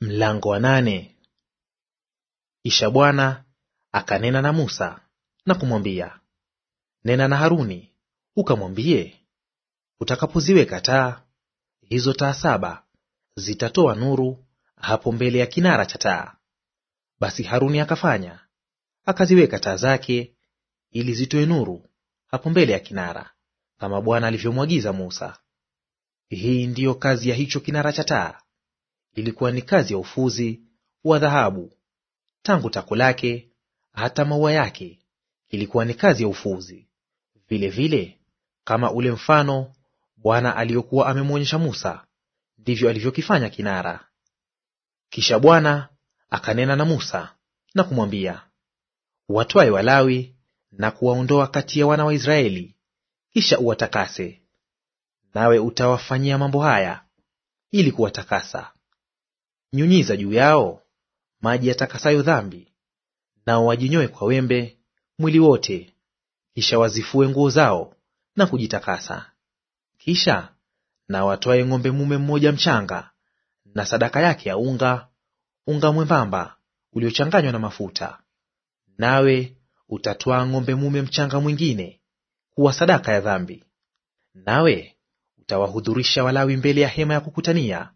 Mlango wa nane. Kisha Bwana akanena na Musa na kumwambia, nena na Haruni ukamwambie, utakapoziweka taa hizo, taa saba zitatoa nuru hapo mbele ya kinara cha taa. Basi Haruni akafanya, akaziweka taa zake ili zitoe nuru hapo mbele ya kinara, kama Bwana alivyomwagiza Musa. Hii ndiyo kazi ya hicho kinara cha taa ilikuwa ni kazi ya ufuzi wa dhahabu; tangu tako lake hata maua yake ilikuwa ni kazi ya ufuzi. Vile vile kama ule mfano Bwana aliyokuwa amemwonyesha Musa, ndivyo alivyokifanya kinara. Kisha Bwana akanena na Musa na kumwambia, watwae Walawi na kuwaondoa kati ya wana wa Israeli, kisha uwatakase; nawe utawafanyia mambo haya ili kuwatakasa. Nyunyiza juu yao maji yatakasayo dhambi, nao wajinyoe kwa wembe mwili wote. Kisha wazifue nguo zao na kujitakasa. Kisha na watwae ng'ombe mume mmoja mchanga na sadaka yake ya unga, unga mwembamba uliochanganywa na mafuta. Nawe utatwaa ng'ombe mume mchanga mwingine kuwa sadaka ya dhambi. Nawe utawahudhurisha Walawi mbele ya hema ya kukutania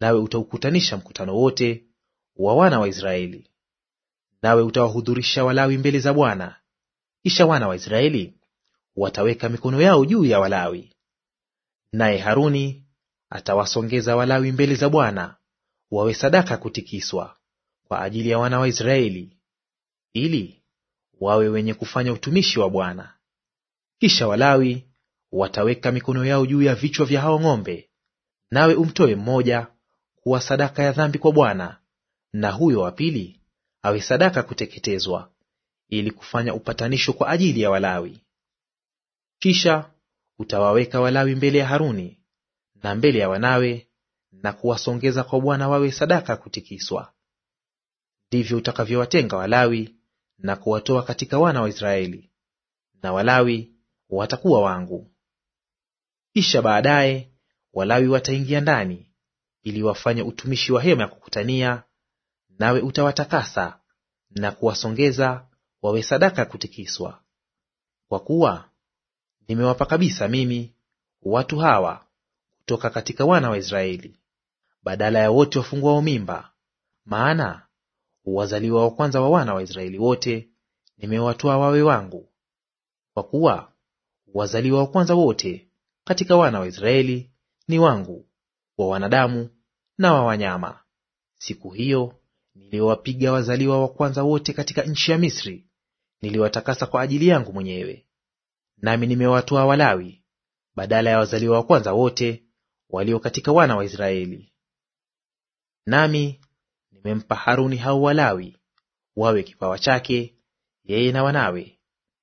nawe utaukutanisha mkutano wote wa wana wa Israeli, nawe utawahudhurisha Walawi mbele za Bwana. Kisha wana wa Israeli wataweka mikono yao juu ya Walawi, naye Haruni atawasongeza Walawi mbele za Bwana wawe sadaka kutikiswa kwa ajili ya wana wa Israeli, ili wawe wenye kufanya utumishi wa Bwana. Kisha Walawi wataweka mikono yao juu ya vichwa vya hao ng'ombe, nawe umtoe mmoja kuwa sadaka ya dhambi kwa Bwana, na huyo wa pili awe sadaka kuteketezwa, ili kufanya upatanisho kwa ajili ya Walawi. Kisha utawaweka Walawi mbele ya Haruni na mbele ya wanawe, na kuwasongeza kwa Bwana wawe sadaka kutikiswa. Ndivyo utakavyowatenga Walawi na kuwatoa katika wana wa Israeli, na Walawi watakuwa wangu. Kisha baadaye Walawi wataingia ndani ili wafanye utumishi wa hema ya kukutania, nawe utawatakasa na kuwasongeza wawe sadaka ya kutikiswa. Kwa kuwa nimewapa kabisa mimi watu hawa kutoka katika wana wa Israeli, badala ya wote wafunguao mimba, maana wazaliwa wa kwanza wa wana wa Israeli wote nimewatoa wawe wangu. Kwa kuwa wazaliwa wa kwanza wote katika wana wa Israeli ni wangu, wa wanadamu na wa wanyama. Siku hiyo niliowapiga wazaliwa wa kwanza wote katika nchi ya Misri niliwatakasa kwa ajili yangu mwenyewe. Nami nimewatoa Walawi badala ya wazaliwa wa kwanza wote walio katika wana wa Israeli. Nami nimempa Haruni hao Walawi wawe kipawa chake, yeye na wanawe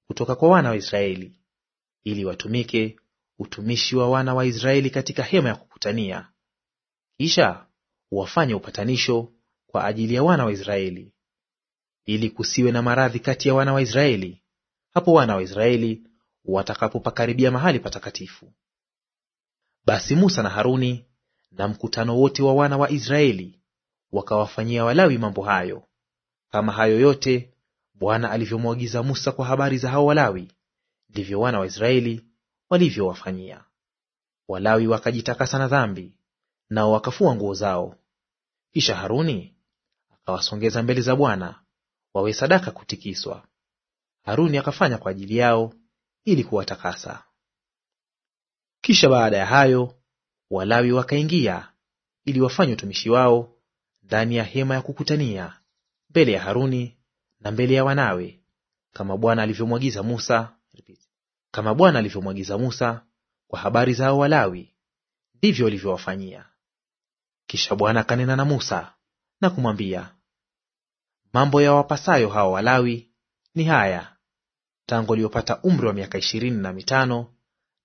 kutoka kwa wana wa Israeli, ili watumike utumishi wa wana wa Israeli katika hema ya kukutania. Kisha huwafanya upatanisho kwa ajili ya wana wa Israeli, ili kusiwe na maradhi kati ya wana wa Israeli hapo wana wa Israeli watakapopakaribia mahali patakatifu. Basi Musa na Haruni na mkutano wote wa wana wa Israeli wakawafanyia Walawi mambo hayo, kama hayo yote Bwana alivyomwagiza Musa kwa habari za hao Walawi, ndivyo wana wa Israeli walivyowafanyia. Walawi wakajitakasa na dhambi, nao wakafua nguo zao. Kisha Haruni akawasongeza mbele za Bwana wawe sadaka kutikiswa. Haruni akafanya kwa ajili yao ili kuwatakasa. Kisha baada ya hayo Walawi wakaingia ili wafanye utumishi wao ndani ya hema ya kukutania mbele ya Haruni na mbele ya wanawe, kama Bwana alivyomwagiza Musa, kama Bwana alivyomwagiza Musa kwa habari za hao Walawi, ndivyo walivyowafanyia. Kisha Bwana akanena na Musa na kumwambia, mambo ya wapasayo hawa Walawi ni haya, tangu waliopata umri wa miaka ishirini na mitano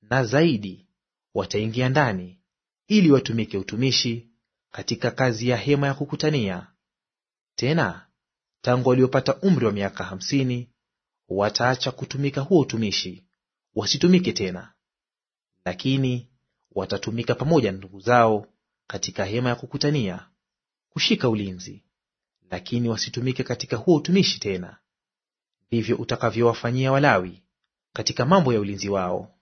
na zaidi wataingia ndani ili watumike utumishi katika kazi ya hema ya kukutania; tena tangu waliopata umri wa miaka hamsini wataacha kutumika huo utumishi, wasitumike tena; lakini watatumika pamoja na ndugu zao katika hema ya kukutania kushika ulinzi, lakini wasitumike katika huo utumishi tena. Ndivyo utakavyowafanyia Walawi katika mambo ya ulinzi wao.